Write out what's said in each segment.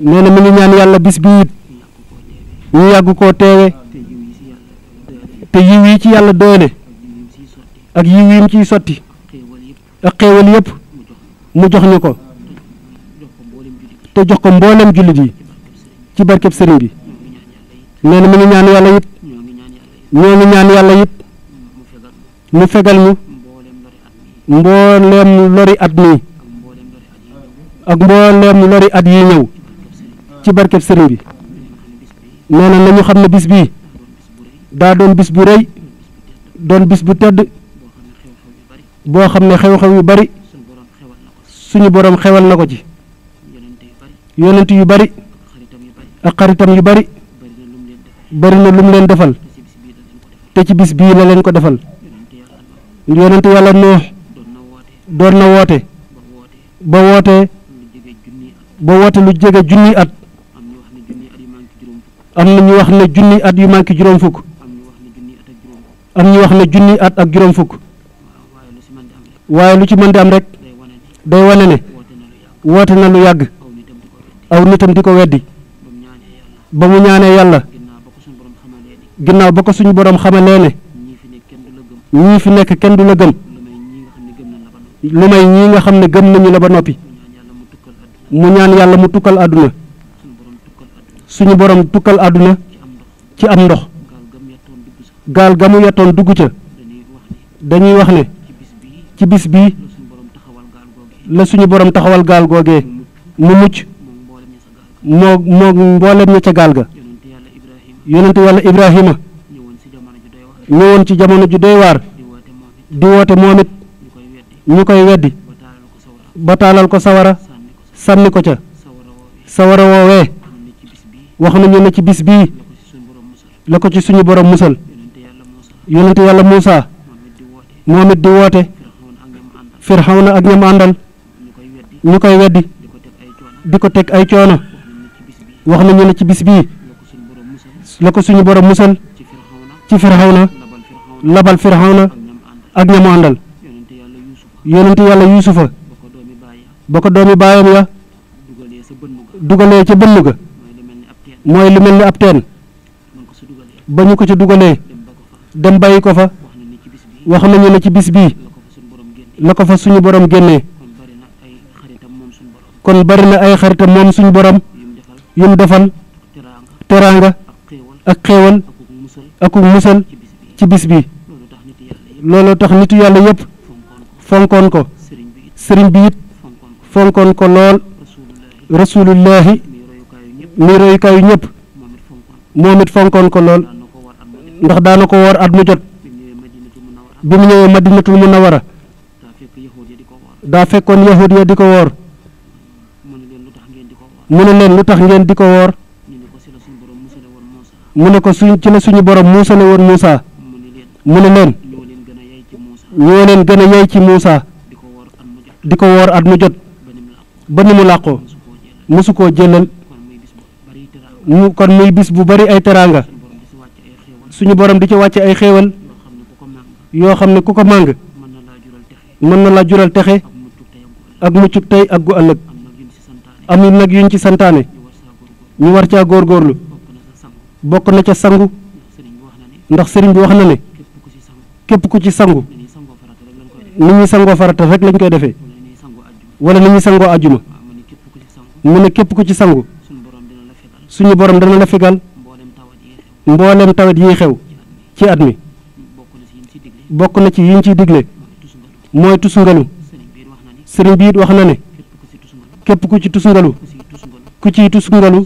nee na mi ngi ñaan yàlla bis bi it ñu yàgg koo teewe te yiw ci yàlla doole ak yiw yi sotti ak xéewal yëpp mu jox ñu ko te jox ko mboolem jullit yi ci barkeb sëriñ bi nee na mi ngi ñaan yàlla it ñoo ngi ñaan yàlla mu fegal ñu mbooleem lori at mii ak mbooleem lori at yi ñëw ci barkeb sëriñ bi nee na nañu xam ne bis bii daa doon bis bu rëy doon bis bu tëdd boo xam ne xew-xew yu bari suñu boroom xewal na ko ci yonent yu bari ak xaritam yu bari bari na lu mu leen defal te ci bis bii la leen ko defal yonent yàlla noox doon na woote ba woote ba woote lu jege junni at am na ñu wax ne junni at yu manqué juróom fukk am ñu wax ne junni at ak juróom fukk waaye lu ci mën di am rek day wane ne woote na lu yàgg aw nitam di ko weddi ba mu ñaanee yàlla ginnaaw ba ko suñu borom xamalee ne ñii fi nekk kenn du la gëm lu may ñii nga xam ne gën nañu la ba noppi mu ñaan yàlla mu tukkal àdduna suñu borom tukkal àdduna ci am ndox gaal ga mu yettoon dugg ca dañuy wax ne ci bis bii la suñu borom taxawal gaal googee mu mucc moo moo mboolem ña ca gaal ga yonente yàlla Ibrahima ñëwoon ci jamono ju doy waar di woote moom ñu koy weddi ba ko sawara sànni ko ca sawara woowee wax nañu ne ci bis bii la ko ci suñu borom musal yonente yàlla Muusa moom it di woote na ak ñam àndal ñu koy weddi di ko teg ay coono wax nañu ne ci bis bii la ko suñu borom musal ci Firawna labal Firawna ak ñamu àndal yonente yàlla Yuusufa ba ko doomi baayam ya dugalee ca bënn ga mooy lu mel ni ab teen ba ñu ko ci dugalee dem bàyyi ko fa wax nañu ne ci bis bi la ko fa suñu borom génnee kon bari na ay xaritam moom suñu borom yu mu defal teraanga ak xéewal ak musal ci bis bi loolu tax nitu yàlla yëpp fonkoon ko sëriñ bi fonkoon ko lool rasulullahi muy royukaay yu ñëpp moom it fonkoon ko lool ndax daana ko woor at mu jot bi mu ñëwee madinatul munawara daa fekkoon yahud ya di ko mu ne leen lu tax ngeen di ko woor mu ne ko suñ ci la suñu borom muusale woon Muusa mu ne leen ñoo leen gën a yey ci Muusa di ko woor at mu jot ba ni mu làqoo mosu koo jëlal mu kon muy bis bu bari ay teraanga suñu borom di ca wàcce ay xéewal yoo xam ne ku ko màng mën na laa jural texe ak muccub tey ak gu ëllëg amul nag yuñ ci santaane ñu war caa góorgóorlu bokk na ca sangu ndax sëriñ bi wax na ne képp ku ci sangu ni ñuy sangoo farata rek lañ koy defee wala ni ñuy sangoo àjjuma mu ne képp ku ci sangu suñu borom dana la fegal mboolem tawet yiy xew ci at mi bokk na ci yiñ ciy digle mooy tusungalu sëriñ bi wax na ne képp ku ci tusungalu ku ciy tusungalu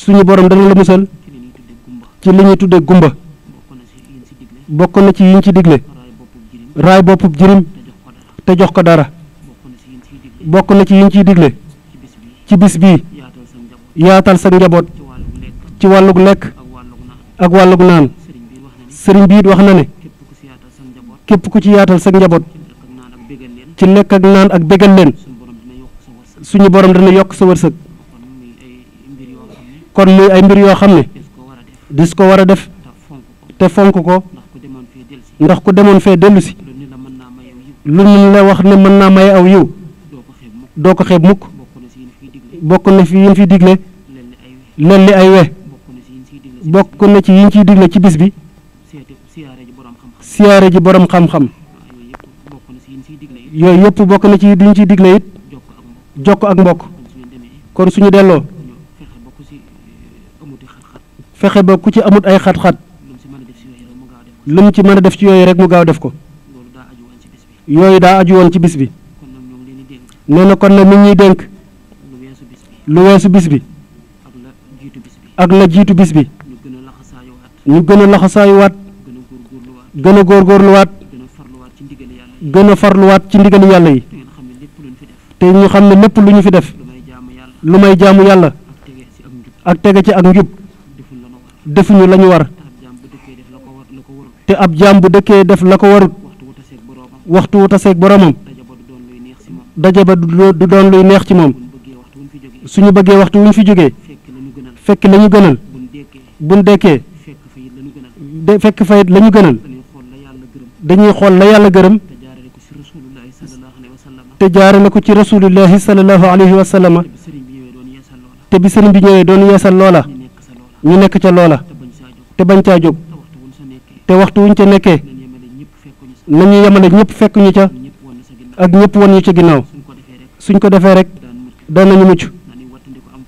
suñu borom dana la musal ci li ñuy tudde gumba bokk na ci yiñ ci digle raay boppub jirim te jox ko dara bokk na ci yiñ ciy digle ci bis bii yaatal sa njaboot ci wàllug lekk ak wàllug naan sëriñ bi it wax na ne képp ku ci yaatal sa njaboot ci lekk ak naan ak bégal leen suñu borom dana yokk sa wërsëg kon muy ay mbir yoo xam ne dis ko war a def te fonk ko ndax ko demoon fee dellu si lu ñu la wax ne mën naa maye aw yiw doo ko xeeb mukk bokk na fi yéen fi digle lelli ay we bokk na ci yiñ ciy digle ci bis bi siyaare ji borom xam-xam yooyu yëpp bokk na ci yiñ ciy digle it jokk ak mbokk kon suñu delloo fexe ba ku ci amut ay xat-xat lu mu ci mën a def ci yooyu rek mu gaaw def ko yooyu daa aju woon ci bis bi nee na kon na nit ñuy dénk lu weesu bis bi ak la jiitu bis bi ñu gën a laxasaayuwaat gën a góorgóorluwaat gën a farluwaat ci ndigali yàlla yi te ñu xam ne lépp lu ñu fi def lu may jaamu yàlla ak tege ci ak njub defuñu la ñu war te ab jaam bu dëkkee def la ko warut waxtu wu taseeg boromam daje ba du doon luy neex ci moom suñu bëggee waxtu wuñ fi jógee fekk la ñu gënal buñ dekkee de fekk fa it la ñu gënal dañuy xool la yàlla gërëm te jaare la ko ci rasulillahi salallahu alayhi wa sallama te bi sëriñ bi ñëwee doon yeesal loola ñu nekk ca loola te bañ caa jóg te waxtu wuñ ca nekkee nañu yemale ñëpp fekk ñu ca ak ñëpp won ñu ca ginnaaw suñ ko defee rek doon nañu mucc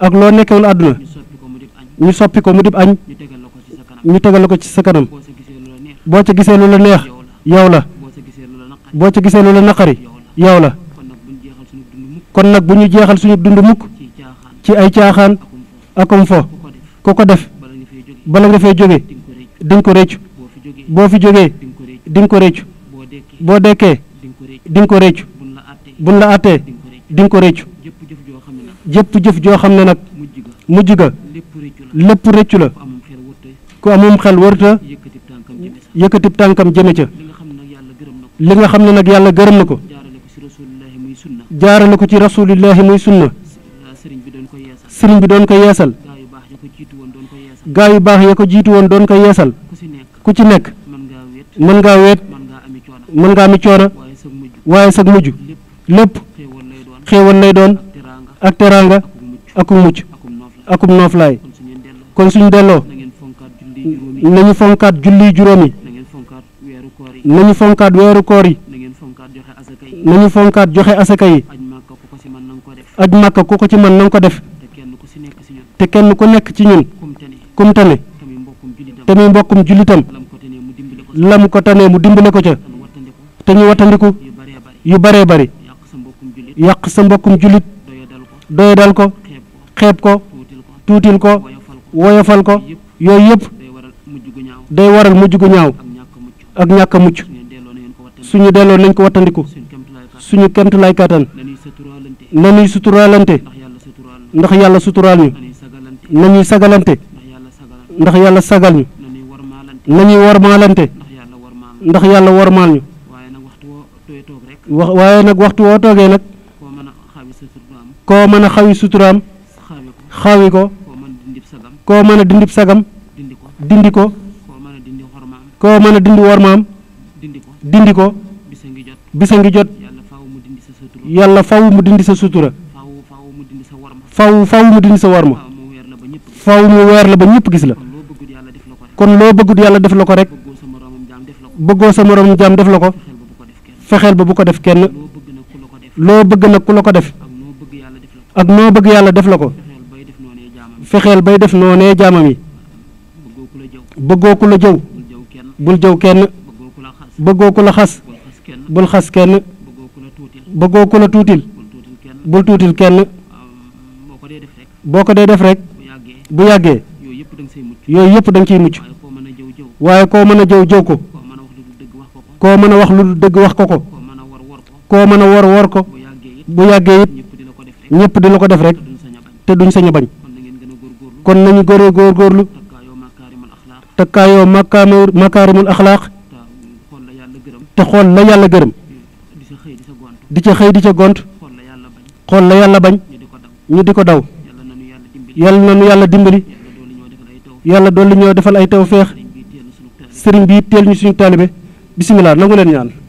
ak loo nekkewul àdduna ñu soppi ko mu dib añ ñu tegal la ko ci sa kanam boo ca gisee lu la neex yow la boo ca gisee lu la naqari yow la kon nag bu ñu jeexal suñu dund mukk ci ay caaxaan akum fo ku ko def bala nga fee jóge di nga ko réccu boo fi jógee di nga ko réccu boo dekkee di nga ko réccu buñ la àttee di nga ko réccu jëpp jëf joo xam ne nag mujj ga lépp rëccu la ku amum xel warta yëkkatib tànkam jëme ca li nga xam ne nag yàlla gërëm na ko jaarale ko ci rasulillahi muy sunna sëriñ bi doon ko yeesal gaa yu baax ya ko jiitu woon doon ko yeesal ku ci nekk mën ngaa weet mën ngaa ami coona waaye sag mujj lépp xéewal lay doon ak teraanga ak mucc akum nooflaay kon suñu delloo nañu fonkaat julli juróom yi nañu fonkaat weeru koor yi nañu fonkaat joxe asaka yi aj màkka ku ko ci mën na ko def te kenn ku nekk ci ñun kum tane te muy mbokkum jullitam lam ko tanee mu dimbale ko ca te ñu wattandiku yu baree bari yàq sa mbokkum jullit doyadal ko xeeb ko tuutil ko woyofal ko yooyu yëpp day waral mujj gu ñaaw ak ñàkk a mucc suñu delloo nañ ko wattandiku suñu kemtulaay kàttan nañuy suturaalante ndax yàlla suturaal ñu nañuy sagalante ndax yàlla sagal ñu nañuy warmaalante ndax yàlla warmaal ñu wax waaye nag waxtu woo toogee nag koo mën a xawi suturaam xawi ko koo mën a dindib sagam dindi ko koo mën a dindi wormaam dindi ko bisa ngi jot yàlla faw mu dindi sa sutura faw faw mu dindi sa worma faw mu weer la ba ñëpp gis la kon loo bëggut yàlla def la ko rek bëggoo sa moroom jaam def la ko fexeel ba bu ko def kenn loo bëgg nag ku la ko def ak noo bëgg yàlla def la ko fexeel bay def noonee jaamam yi bëggoo ku la jëw bul jëw kenn bëggoo ku la xas bul xas kenn bëggoo ku la tuutil bul tuutil kenn boo ko dee def rek bu yàggee yooyu yëpp da nga ciy mucc waaye koo mën a jëw jëw ko koo mën a wax lu dëgg wax ko ko koo mën a wor wor ko bu yàggee it ñëpp di la ko def rek te duñ sañ a bañ kon nañu gëree góorgóorlu takkaayoo makaama makaarimul axlaaq te xool la yàlla gërëm di ca xëy di ca gont xool la yàlla bañ ñu di ko daw yàlla na nu yàlla dimbali yàlla dolli ñoo defal ay tawféex sëriñ bi teel ñu suñu taalibe bisimilah nangu leen ñaan.